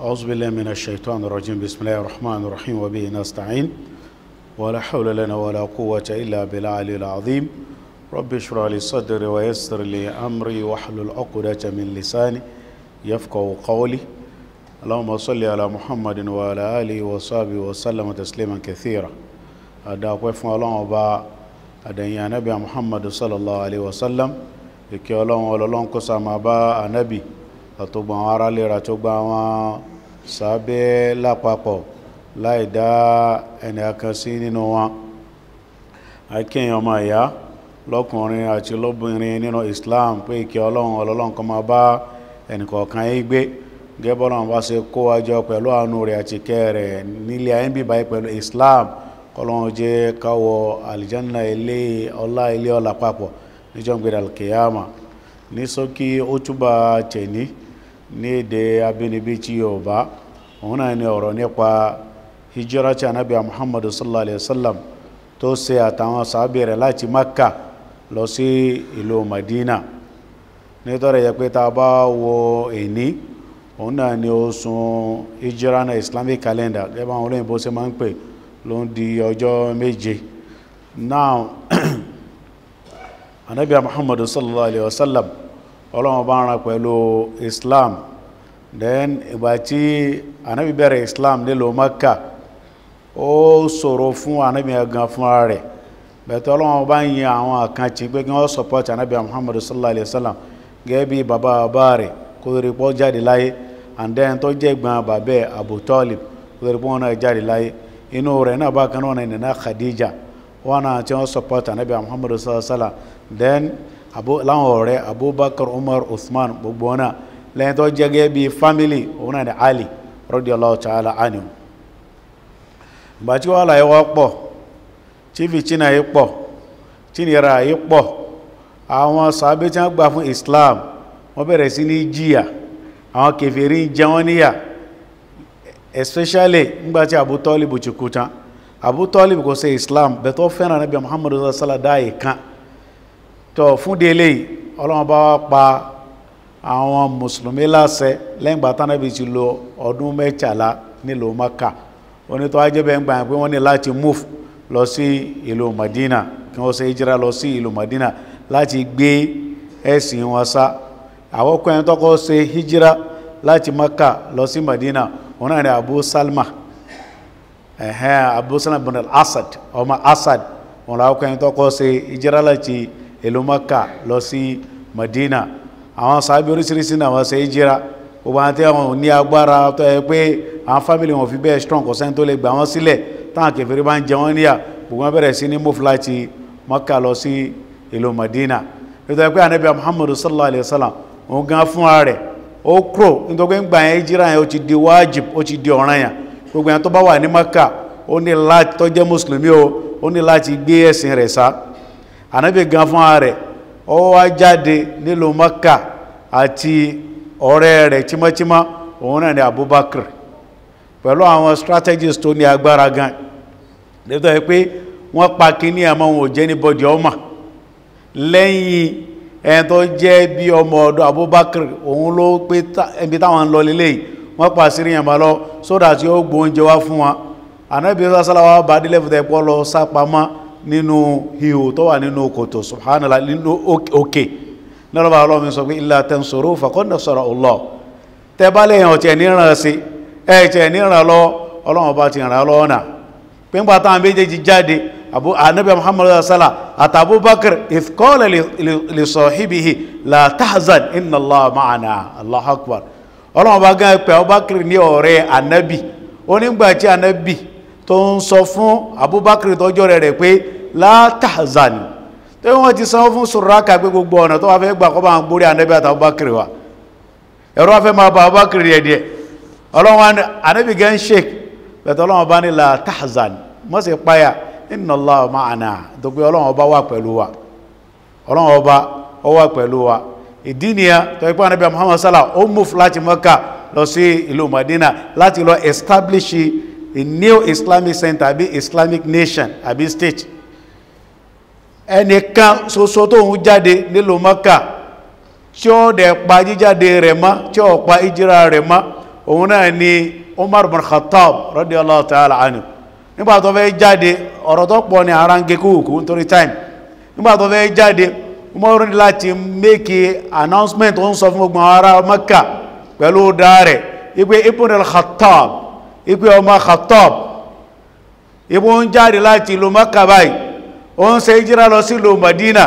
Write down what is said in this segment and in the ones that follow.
أعوذ بالله من الشيطان الرجيم بسم الله الرحمن الرحيم وبه نستعين ولا حول لنا ولا قوة إلا بالعلي العظيم رب اشرح لي صدري ويسر لي أمري واحلل عقدة من لساني يفقه قولي اللهم صل على محمد وعلى آله وصحبه وسلم تسليما كثيرا أداك وفن الله وبا أدنيا نبي محمد صلى الله عليه وسلم إكي الله ولله كسام أبا نبي àtògbà àwọn aráàlú rẹ̀ àtògbà àwọn sábẹ́ lápapọ̀ láì dá ẹni kan sí nínú wọn akíyàn ọmọ ìyá lọ́kùnrin àti lóbìnrin nínú Islam pé ìkẹ́ ọlọ́run ọlọ́run kan máa bá ẹnìkọ̀ọ̀kan yín gbé gẹ́bọ́n náà wá ṣe kó àjọ pẹ̀lú àánú rẹ̀ àti kẹ́ rẹ̀ nílé ayé bíbá yìí pẹ̀lú Islam kọ́lọ́run jẹ́ káwọ àlìjánná ilé ọlá ilé ọlá papọ̀ níjọ́ gbẹ̀dẹ̀ alkiyama ní sókí ó túbà tẹ̀ní ní èdè abínibí tí Yorùbá òun náà ni ọ̀rọ̀ nípa hijira tí anabi Muhammad sallallahu alayhi wa sallam tó ṣe àtàwọn sábẹ́ rẹ̀ láti Makka lọ sí ìlú Madina nítorí yẹ pé tá a bá wo èní òun náà ni oṣù hijira náà Islamic calendar gẹ́gẹ́ bá àwọn olóyìnbó ṣe máa ń pè ló ń di ọjọ́ méje now anabi Muhammad sallallahu alayhi wa sallam ọlọ́run bá rán pẹ̀lú islam then ìgbà tí anábì bẹ̀rẹ̀ islam nílò maka ó ṣòro fún anábì gan fúnra rẹ̀ bẹ̀tẹ̀ ọlọ́run bá ń yin àwọn àkànṣe pé kí wọ́n support anábì muhammadu sallallahu alayhi wa sallam gẹ́gẹ́ bí bàbá bàbá rẹ̀ kó lórí pọ́ jáde láyé and then tó jẹ́ gbọ́n bàbẹ́ abu talib kó lórí pọ́ náà jáde láyé inú rẹ̀ náà bá kan náà nìyẹn khadija wọn náà tí wọ́n support anábì muhammadu sallallahu alayhi wa sallam then Abu ọ̀rẹ́ abubakar umar usman gbogbo wọn náà lẹ́yìn tó jẹ́ gẹ́gẹ́ bí fámílì òun náà ni ali radiyallahu ta'ala anhu ìgbà tí wàhálà yìí wọ́n pọ̀ tí fìtínà yìí pọ̀ tí nira yìí pọ̀ àwọn sàábé tí wọ́n gbà fún islam wọ́n bẹ̀rẹ̀ sí ní jìyà àwọn kèfèrí jẹ wọ́n níyà especially ngbàtí Abu Talib ti kú tán Abu Talib kò ṣe islam bẹ̀tọ́ fẹ́ràn Ànábì muhammadu sallallahu alaihi wasallam dáa yìí kan tó fún délé ọlọ́run bá wá pa àwọn mùsùlùmí láṣẹ lẹ́yìn gbà tánàbí ti lò ọdún mẹ́tàlá nílùú maka onítọ́ ajẹ́bẹ̀ ń gbà pé wọ́n ní láti move lọ sí ìlú madina kí wọ́n ṣe hijira lọ sí ìlú madina láti gbé ẹ̀sìn wọn sá àwọn ọkùnrin tọ́kọ́ ṣe hijira láti maka lọ sí madina wọn náà ní abu salma ẹ̀hẹ́n abu salma bin al-asad ọmọ asad wọn làwọn ọkùnrin tọ́kọ́ ṣe hijira láti ìlú Mẹ́kà lọ sí Madina àwọn sàábí oríṣiríṣi náà wọ́n ṣe é jíra gbogbo àwọn tí wọ́n ní agbára tó yẹ pé àwọn fámìlì wọn fi bẹ́ẹ̀ strong kò sẹ́ni tó lè gbà wọ́n sílẹ̀ táwọn kẹfìrí bá ń jẹ wọ́n níyà gbogbo wọn bẹ̀rẹ̀ sí ní move láti Mẹ́kà lọ sí ìlú Madina nítorí pé anabi Muhammadu sallallahu alayhi wa sallam òun gan fúnra rẹ̀ ó kúrò nítorí pé ń gbà yẹn jíra yẹn ó ti di wájib ó ti di ọ̀ràn yẹn gbogbo yẹn tó bá wà ní Mẹ́kà ó ànábì gan fún ààrẹ ó wá jáde nílùú Makka àti ọ̀rẹ́ rẹ̀ tímọ́tímọ́ òun náà ni Abubakar pẹ̀lú àwọn strategies tó ní agbára gan nítorí yẹ pé wọ́n pa kíní àmọ́ wọn ò jẹ́ ní bọ́dì ọmọ lẹ́yìn ẹni tó jẹ́ bí ọmọ ọ̀dọ̀ Abubakar òun ló pé ẹbí táwọn ń lọ lélẹ́yìn wọ́n pa sí ríyàn bá lọ sódà tí ó gbóúnjẹ wá fún wa ànábì sásálà bá délẹ̀ fún tẹ́pọ̀ lọ sápamọ́ nínú ihò tó wà nínú kòtò subhanallah nínú òkè lọ́rọ̀bà ọlọ́run sọ pé illa tansuru faqad nasara Allah tẹ́bálẹ̀ èèyàn ọ̀tẹ̀ níran sí ẹ̀ẹ̀tẹ̀ níran lọ ọlọ́run bá ti ràn lọ́wọ́ náà pínpà táwọn méjèèjì jáde abu anabi muhammadu sallallahu àtàbú bakr ifqala li sahibihi la tahzan inna allah ma'ana allahu akbar ọlọ́run bá gán pẹ̀ abubakar ní ọ̀rẹ́ anabi onígbàtí anabi tó ń sọ fún Abubakar tọ́jọ́ rẹ̀ rẹ̀ pé látàzàn tó wọ́n ti sanwó fún Suraka pé gbogbo ọ̀nà tó wá fẹ́ gbà kọ́ bá ń gbórí Ànábì àti Abubakar wa ẹ̀rọ wá fẹ́ máa bá Abubakar rẹ̀ díẹ̀ ọlọ́wọ́n Ànábì gẹ́ ń ṣèk bẹ̀tọ̀ ọlọ́wọ́n bá ní látàzàn mọ́ sí páyà inna Allah ma'ana tó pé ọlọ́wọ́n ọba wà pẹ̀lú wa ọlọ́wọ́n ọba wà pẹ̀lú wa ìdí nìyẹn tó ipá Ànábì Muhammad sallah ó move láti Mọ́kà lọ sí ìlú Madina láti lọ establish a new islamic center àbí islamic nation àbí state ẹnìkan ṣoṣo tó ń jáde nílùú mọ́kà tí ó dẹ̀ pa jíjáde rẹ̀ mọ́ tí ó pa ìjírà rẹ̀ mọ́ òun náà ni umar bin khattab radiyallahu ta'ala anhu nígbà tó fẹ́ jáde ọ̀rọ̀ tó pọ̀ ní ara ń gé kúùkú nítorí time nígbà tó fẹ́ jáde umaru ní láti make announcement ó ń sọ fún gbogbo ara mọ́kà pẹ̀lú dáa rẹ̀ ipe ibn al-khattab ipe ọmọ Khattab ibu ń jáde láti ìlú Mẹ́kà báyìí ó ń ṣe ìjírá lọ sí ìlú Madina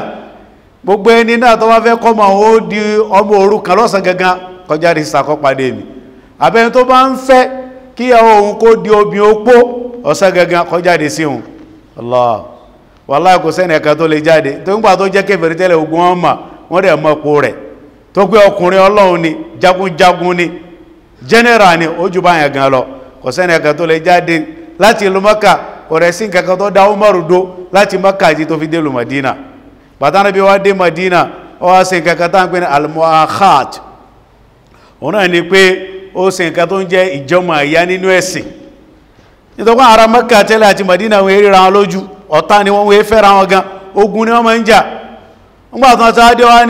gbogbo ẹni náà tó bá fẹ́ kọ́mọ ó di ọmọ òrukàn lọ́sàn gangan kọjá di sàkọ́pàdé mi abẹ́ni tó bá ń fẹ́ kíyàwó òun kó di obìn opó ọ̀sán gangan kọjá di sí òun Allah wàláhì kò sẹ́ni ẹ̀ka tó lè jáde tó ń gbà tó jẹ́ kèfèrí tẹ́lẹ̀ ogun ọmọ wọ́n rẹ̀ mọ́ po rẹ̀ tó pé ọkùnrin ọlọ́run ni jagunjagun ni general ni ó jù báyẹn gan lọ kọ̀sẹ́ni ẹ̀kan tó lè jáde láti ìlú mọ́kà ọ̀rẹ́ sí kankan tó dá Umaru dó láti mọ́kà àti tó fi dé lu Madina bàtánà bí wá dé Madina ó wá sí kankan tá ń pè ní almuakhat òun náà ni pé ó sì nǹkan tó ń jẹ́ ìjọmọ̀ àyá nínú ẹ̀sìn nítorí ara mọ́kà tẹ́lẹ̀ àti Madina wọn ríra wọn lójú ọ̀tá ni wọ́n wé fẹ́ra wọn gan ogun ni wọ́n máa ń jà ńgbàtàn sáájọ́ wá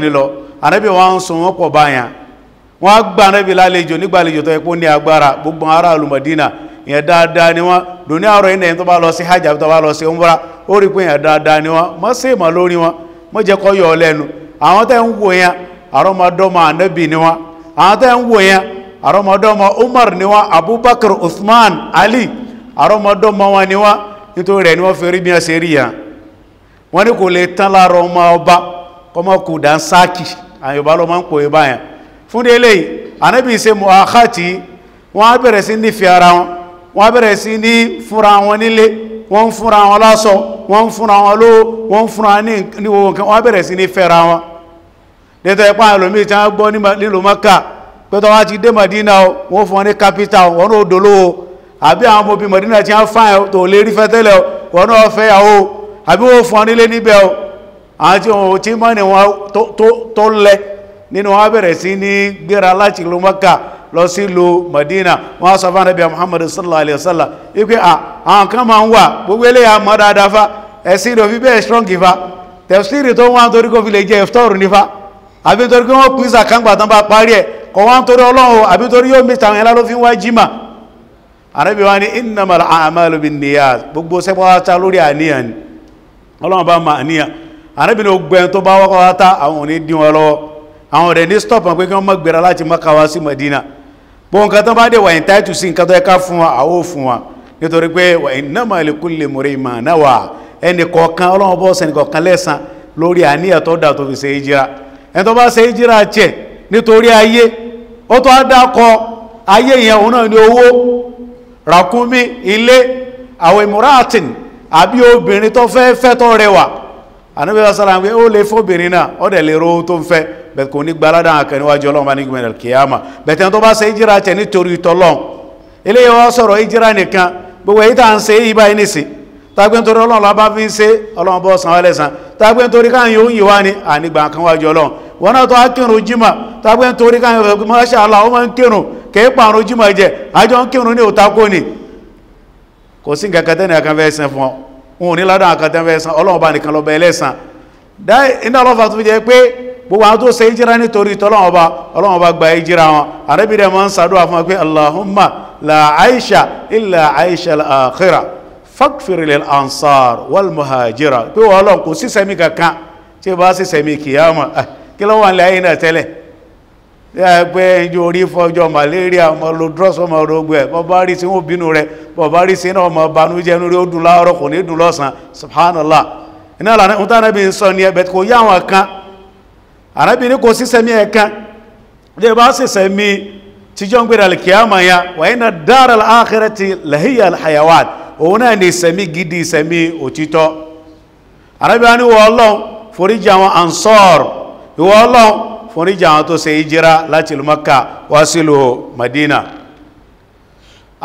ní ànábì wọn ń sun wọn pọ̀ báyà wọ́n gba ànábì lálejò nígbàlejò tó ẹkún ní agbára gbogbo ará alùmọ̀dínà ìyẹn dáadáa ni wọ́n dùnú àrọ̀ ìnà tó bá lọ sí hajj àbí tó bá lọ sí umra ó rí pé ìyẹn dáadáa ni wọ́n mọ́ sí ìmọ̀ lórí wọn mọ́ jẹ́ kọ́ yọ lẹ́nu àwọn tẹ́ ń wò yẹn àrọ́mọdọ́mọ ànábì ni wọ́n àwọn tẹ́ ń wò yẹn àrọ́mọdọ́mọ umar ni wọ́n abubakar usman ali àrọ́mọdọ́mọ wọn ni wọ́n nítorí rẹ̀ ni wọ́n fi rí bí wọ́n ṣe rí yẹn wọ́n ní kò lè tán láàrọ̀ ọmọ ọba kọ́mọkù dánsáàkì àwọn Yorùbá ló máa ń pòye báyẹn fún délé ànábì ṣe mọ̀ àkàtì wọ́n á bẹ̀rẹ̀ sí nífẹ̀ẹ́ ara wọn wọ́n á bẹ̀rẹ̀ sí ní fúnra wọn nílé wọ́n ń fúnra wọn láṣọ wọ́n ń fúnra wọn lówó wọ́n ń fúnra ní ìwòwò kan wọ́n á bẹ̀rẹ̀ sí ní fẹ́ra wọn dẹ́tọ̀ ẹ̀pá ẹlòmíì tí wọ́n gbọ́ nílùú Mọ́kà pẹ́tọ́ wá ti dé Mọ̀dínà wọ́n fún wọn ní kápítà wọn ó dolówó àbí àwọn ọmọ obìnrin tí wọ́n fáyẹ̀ tó lè rí fẹ́ tẹ́lẹ̀ wọn ó àbí wọ́n fún wọn nílé níbẹ̀ àti ohun tí mọ́ ni wọ́n tó lẹ nínú wọ́n bẹ̀rẹ̀ sí ní gbéra láti ìlú Mọ́kà lọ sí ìlú Madina wọ́n sọ fún Ànábì Muhammad sallallahu alaihi wasallam wípé àwọn kan máa ń wà gbogbo eléyà mọ́ dáadáa fa ẹ̀sìn rẹ̀ fi bẹ́ẹ̀ strong fa tẹ̀síìrì tó wọ́n torí kó fi lè jẹ́ ìfọ́rù nífa àbí torí kí wọ́n pín sàkángbà tán bá parí ẹ̀ kọ̀ wọ́n torí Ọlọ́run àbí torí yóò mìta àwọn ẹlá ló fi wá jímà Ànábì wa ní innamal a'malu bin gbogbo sẹ́pọ̀ lórí àníyàn Ọlọ́run bá ma àníyàn àníbìnrin ogbẹ́ tó bá wọ́kọ́ látá àwọn òní dín wọn lọ́wọ́ àwọn ọ̀rẹ́ ní stop pé kí wọ́n mọ́ gbéra láti Mákà wá sí Mẹdínà bó nǹkan tó bá dé wà ìntáìtù sí nǹkan tó ẹka fún wa àwọ̀ fún wa nítorí pé wà innama likulli muri'in náà wà ẹnì kọ̀ọ̀kan ọlọ́run bọ́ sẹ́nì kọ̀ọ̀kan lẹ́sàn lórí àníyàn tó dà tó fi ṣe hijira ẹni tó bá ṣe hijira tiẹ̀ àníbẹ̀wà sára wí ó lè fóbìnrin náà ó dẹ̀ lè ro tó ń fẹ́ bẹ̀t kò ní gbaládà àkẹ́ níwájú ọlọ́run bá ní gbẹ̀rẹ̀ kìyàmà bẹ̀tẹ̀ tó bá ṣe ìjìra tẹ̀ nítorí ìtọ́lọ́n eléyìí wọ́n sọ̀rọ̀ ìjìra nìkan gbogbo èyí tà ń ṣe yìí báyìí nìsí tágbé nítorí ọlọ́run lọ́ba fi ń ṣe ọlọ́run bọ́ san wálẹ̀ san tágbé nítorí káyìn yóò yìí wá ní ànígbà kan wájú ọlọ́run wọn náà tó á kírun jimá wọn ò ní ládà àkàtà ẹ̀sán ọlọ́run bá nìkan lọ́bẹ̀ ẹlẹ́sàn iná ọlọ́fà tó jẹ́ pé gbogbo àwọn tó ṣe ìjírá nítorí tọ́lọ́run ọba ọlọ́run ọba gba ìjírá wọn àrẹ́bìrẹ́ mọ́ ń sàdúwà fún pé Allahumma la aisha illa aisha al-akhira fakfir lil ansar wal muhajira pé wọ́n ọlọ́run kò sí sẹ́mi kankan pé ẹjọ́ orí fọjọ́ malaria ọmọ lodros ọmọ orogbó ẹ̀ bọ́ bá rí sí wọ́n bínú rẹ̀ bọ́ bá rí sí náà ọmọ banújẹ́ ní orí ó dùn láàárọ̀ kò ní dùn lọ́sàn subhanallah iná ìlànà ìtànàbí ń sọ ní ẹbẹ̀ kò yá àwọn kan àrábì ní kò sísẹ̀mí ẹ̀kan lè bá sísẹ̀mí tíjọ́ ń gbé dàlì kíámà ya wà iná dára láàkẹrẹ ti lahiya alhayawat òun náà ní ìsẹ̀mí gidi ìsẹ̀mí òtítọ́ àrábì wa ní wọ́ ọlọ́run foríjì àwọn ansọ́ọ̀rù ìwọ́ ọlọ́run foríjì àwọn tó ṣe ìjírá láti ìlú Mákà wá sílùú Madina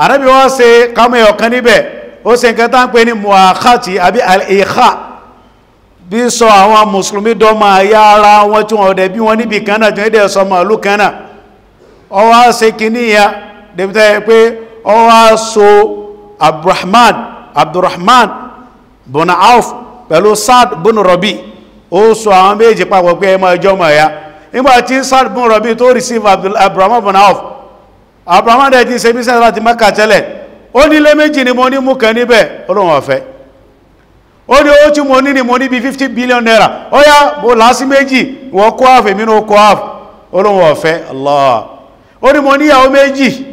Ànábì wá ṣe kámẹ́ ọ̀kan níbẹ̀ ó ṣe nǹkan tá ń pè ní muakhati àbí al-ikha bí sọ àwọn mùsùlùmí dọ́mọ ayá ara wọn tí wọ́n dẹ̀ bí wọ́n níbi kan náà tí wọ́n dẹ̀ sọ màálù kan náà ọwọ́ ṣe kìíní ya dẹ̀bítà yẹ pé ọwọ́ so abdulrahman abdulrahman bọ̀nà auf pẹ̀lú sad bọ̀nà rọ̀bì ó sọ àwọn méjì papọ̀ pé ẹ máa jọmọ̀ ya nígbà tí sàdùbùn rọ̀bí tó receive abraham bin auf abraham dẹ̀ ti ṣe business láti mẹ́ka tẹ́lẹ̀ ó ní lé méjì ni mo ní mú kẹ níbẹ̀ olóhùn ọ̀fẹ́ ó ní owó tí mo ní ni mo ní bí 50 billion naira ó yá mo là sí méjì wọ́n kó half èmi náà kó half olóhùn ọ̀fẹ́ Allah ó ní mo níyàwó méjì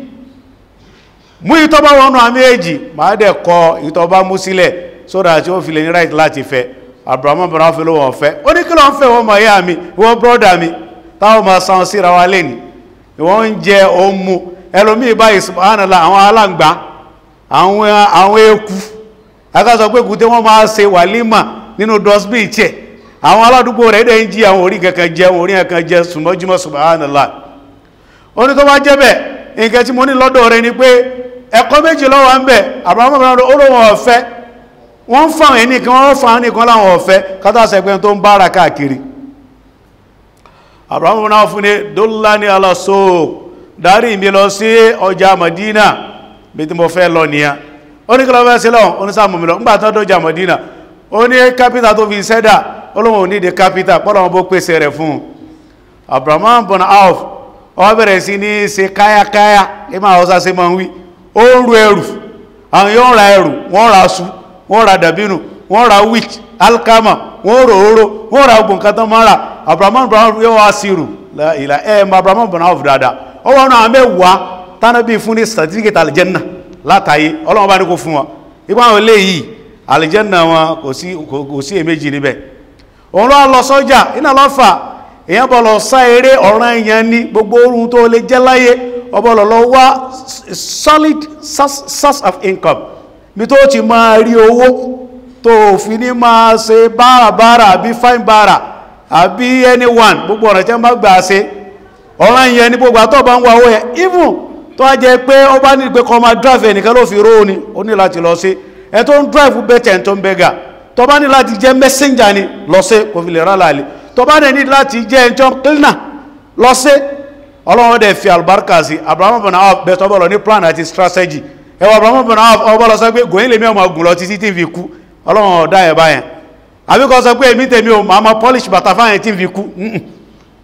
mú ìtọ́bá wọnú àmì èjì máa dẹ̀ kọ ìtọ́bá mú sílẹ̀ sódà tí ó fi lè ní right láti fẹ́ abraham bin auf olóhùn ọ̀fẹ́ ó ní kí ló fẹ́ wọ́n mọ̀ ẹ̀yà mi wọ́n brọ́dà mi táwọn máa san síra wa lè ní wọ́n ń jẹ òun mu ẹlòmíì báyìí subhanallah àwọn aláǹgbá àwọn eku akásọ pé kùté wọ́n máa ṣe wàlímà nínú dustbin tiẹ̀ àwọn aládùúgbò rẹ̀ dẹ̀ ń jí àwọn orí kankan jẹ orí kankan jẹ sùmọ́júmọ́ subhanallah ó tó bá jẹ́ nǹkan tí mo ní lọ́dọ̀ rẹ̀ ni pé ẹ̀kọ́ méjì lọ́wọ́ ń bẹ̀ àbúrámọ́ ọ̀fẹ́ wọ́n abrahamu náà fún ní dọ́lá ní alasó darí mi lọ sí ọjà madina bí tí mo fẹ́ lọ nìyà ó ní kílọ̀ fẹ́ sí lọ ó ní sáà mọ̀mí lọ ń gbà tán dọ́jà madina ó ní kápítà tó fi sẹ́dà olóhùn onídìí kápítà pọ́lọ̀ wọn bó pèsè rẹ̀ fún un abrahamu bọ̀nà auf ó bẹ̀rẹ̀ sí ní ṣe wọ́n rò oró wọ́n ra ogun nǹkan brown yóò wá sí rù ìlà ẹ̀ ma abrahamu brown ó wọ́n náà mẹ́wàá tánà bíi fún ní certificate alìjẹ́nà látàyé ọlọ́run bá ní kó fún wọn ipá àwọn eléyìí alìjẹ́nà wọn kò sí èméjì níbẹ̀ òun lọ gbogbo orun tó lè jẹ́ láyé ọbọ̀ lọ lọ wá solid source of income tó ti máa rí owó tó òfin ní máa ṣe bárabára àbí fine bára àbí anyone gbogbo ọ̀rọ̀ tí wọ́n bá gbà ṣe ọ̀ràn yẹn ní gbogbo àtọ́ bá ń wá owó yẹn even tó a jẹ pé ó bá ní pé kọ́ máa drive ẹnìkan ló fi róò ni ó ní láti lọ sí ẹ tó ń drive bẹ́tẹ̀ ẹ̀ tó ń bẹ́gà tó bá ní láti jẹ́ messenger ni lọ sí kò fi lè rà láàlẹ́ tó bá ní láti jẹ́ ẹjọ́ cleaner lọ sí ọlọ́run dẹ̀ fi àlùbáríkà sí abrahamu bin awf bẹ̀tọ̀ bọ̀ lọ ní plan àti strategy ẹ̀wọ̀ abrahamu bin awf ọbọ̀ lọ sọ pé gòyìn lèmi ọmọ ogun lọ títí tí fi kú ọlọ́run ọ̀dá ẹ̀bá yẹn àbíkọ́ sọ pé èmi tèmi o máa ma polish bàtà fáyẹn tí n fi kú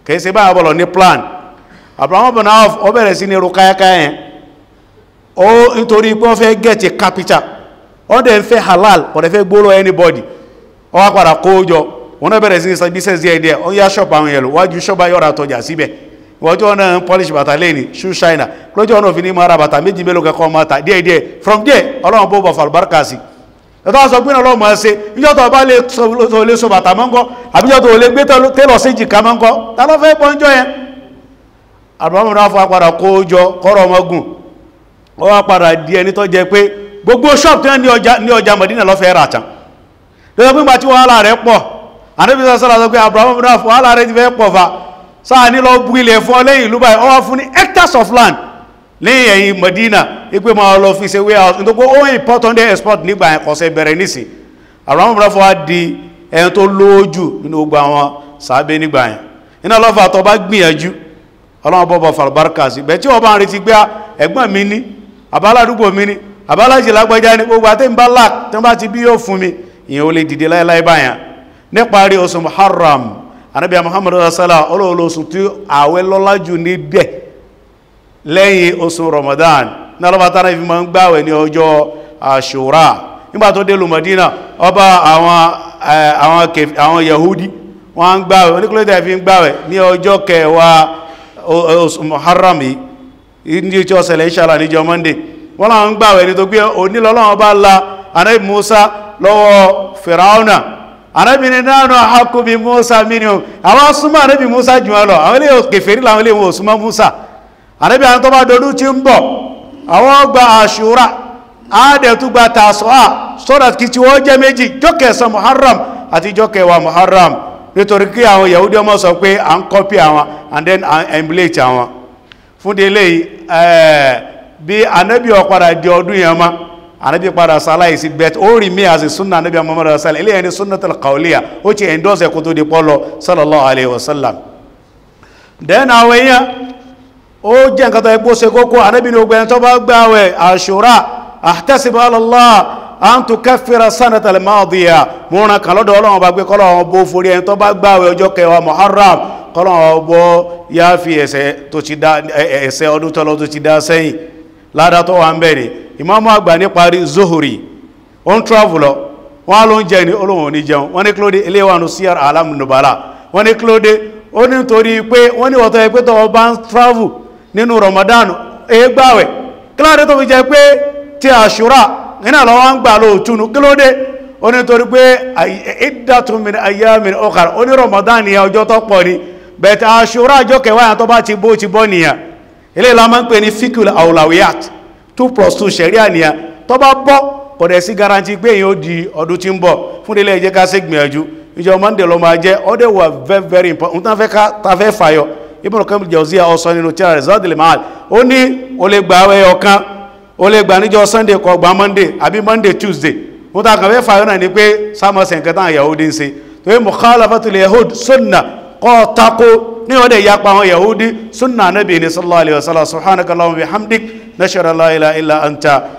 kìí ṣe báyà bọ̀lọ̀ ní plan Abraham bin Auf bẹ̀rẹ̀ sí ní ro yẹn ó nítorí pé wọ́n fẹ́ gẹ̀ẹ́tì capital dẹ̀ ń fẹ́ halal ó dẹ̀ fẹ́ gbóró anybody ó wá padà kó jọ wọn náà bẹ̀rẹ̀ sí ní yá shop àwọn shop ayọ́ra tọjà síbẹ̀ wọ́n tí wọ́n náà polish bàtà shoe shiner lójú ọ̀nà òfin ní bàtà méjì ẹ̀tọ́ sọ pé ọlọ́mọ ẹ̀ṣẹ́ ìjọ́tọ̀ bá lè sọ lè sọ bàtà mọ́ńkọ́ àbíjọ́tọ̀ lè gbé tẹ́lọ̀ sí jìká mọ́ńkọ́ ta ló fẹ́ pọ́njọ́ yẹn àbúrámọ̀dá fún apadà kó jọ kọ́rọ̀ ọmọgùn ó wá padà di ẹni tó jẹ pé gbogbo ṣọ́ọ̀pù tí wọ́n ní ọjà mọ̀dínà lọ́fẹ́ rà tán lọ́sọ pé gbàtí wàhálà rẹ̀ pọ̀ àníbísọ̀ sọ́la sọ pé àbúrámọ̀dá fún wàhálà rẹ̀ ti fẹ́ pọ̀ fa sáà ní lọ bu ilẹ̀ fún ọlẹ́yìn ìlú báyìí ó wá fún ní hectares of land lẹ́yìn ẹ̀yìn Medina ipé ma lọ fi ṣe warehouse nítorí pé ó import on their export nígbà ẹ̀kọ́sẹ̀ bẹ̀rẹ̀ nísìn àwọn ọmọdé wá di ẹ̀yìn tó lóójù nínú gbogbo àwọn sàábé nígbà yẹn iná lọ́fà tó bá gbìyànjú ọlọ́run bọ́bọ̀ fàlùbárkà sí bẹ̀ tí wọ́n bá ń retí gbé ẹ̀gbọ́n mi ní àbáládùgbò mi ní àbálájì lágbájá ní gbogbo àti ìbálà tí wọ́n bá ti bí yóò fún mi ìyẹn ò lè dìde láíláí báyà níparí oṣù Muharram anábíà Muhammadu rasallah olóòlò oṣù tí àwẹ̀ lọ́lájú lẹ́yìn oṣù Ramadan náà lọ́bàá tánà fi ma ń gbáwẹ̀ ní ọjọ́ àṣòrà nígbà tó dé lùmọ̀dínà ọba àwọn Yahudi wọ́n ń gbáwẹ̀ oníkúlẹ̀dẹ̀ fi ń gbáwẹ̀ ní ọjọ́ kẹwàá oṣù Muharram ní ìjọ sẹlẹ̀ ìṣàlá níjọ Monday wọ́n láwọn ń gbáwẹ̀ ní tó gbé onílọ́lọ́wọ́n bá la Ànábì Musa lọ́wọ́ Fìràúnà Ànábì ni náà hakubi Musa mínú àwọn súnmọ́ Ànábì Musa jù àwọn ilé kèfèrí làwọn ilé wọn Musa ànábì àwọn tó bá dọdún tí ń bọ̀ àwọn gba àṣúra àádẹ́tú gba tàṣọ́à sọ́dà kí tí wọ́n jẹ́ méjì jọ́kẹ̀ẹ́sán muharram àti jọ́kẹ̀ẹ́wà muharram nítorí kí àwọn yahudi ọmọ sọ pé à ń kọ́pì àwọn and then à ń emulate àwọn fún délé eh, bí ànábì ọ̀padà di ọdún yẹn ma ànábì padà sáláì sí bẹ́ẹ̀ ó rí mi àti sunna ànábì muhammad rasul ilé sunnah sunnatul qawliya ó ti endorse ẹ̀kọ́ tó di pọ́lọ sallallahu alayhi wa sallam then àwọn èèyàn ó jẹ́ nǹkan tó ẹgbó ṣe kókó anábì ní ogbẹ̀ni tó bá gbààwẹ̀ àṣúrà àtẹ́sìbọ̀ alọ́lá à ń tún kẹfìrà sanata al-madiya múra kan lọ́dọ̀ ọlọ́run bá gbé kọ́lọ́run bó forí ẹni tó bá gbààwẹ̀ ọjọ́ kẹwàá muharram kọ́lọ́run bó yá fi ẹ̀ṣẹ̀ ọdún tọ́lọ tó ti dá sẹ́yìn ládá tó nínú Ramadan èégbàwẹ̀ kí láàrín tó fi jẹ pé ti àṣúrà nínú àlọ́wọ́ ń gbà lóòtúnu kí ló dé ó ní torí pé iddatun min ayyamin ukhar ó ní Ramadan nìyà ọjọ́ tó pọ̀ ni bẹ̀tẹ̀ àṣúrà àjọ kẹwàá tó bá ti bó ti bọ́ nìyà ilé ìlà máa ń pè ní fikul aulawiyat two plus two sẹ̀ríà nìyà tó bá bọ́ kò dẹ̀ sí garanti pé èyàn ó di ọdún tí ń bọ̀ very very important tán fẹ́ fàyọ Ibn Qayyim al-Jawziyya ọsọ nínú tíra rẹ̀ Zadil Ma'ad ó ní o lè gba àwẹ̀ ọ̀kan o lè gba níjọ́ Sunday kó gba Monday àbí Monday Tuesday mo ta fẹ́ fààyàn náà pé sámọ̀sẹ̀ nǹkan Yahudi ń ṣe torí mukhalafatul Yahud sunna kọ́ tako ní ọdẹ ìyapa àwọn Yahudi sunna Nabi ni sallallahu alaihi wa sallam nashara la ilaha illa anta